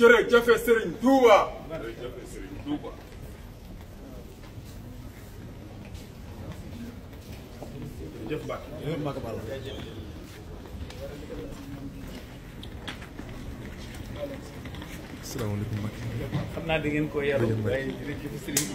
jërëjëf Serigne Touba. jërëjëf Serigne Touba. jërëjëf Mbacke jërëjëf Mbacke Balla. asalaamaaleykum Mbacke. xam naa da ko yaru waaye jërëjëf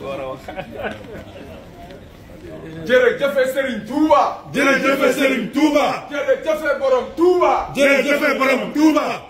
ko war a wax. jërëjëf Serigne Touba. jërëjëf Serigne Touba. jërëjëf borom Touba.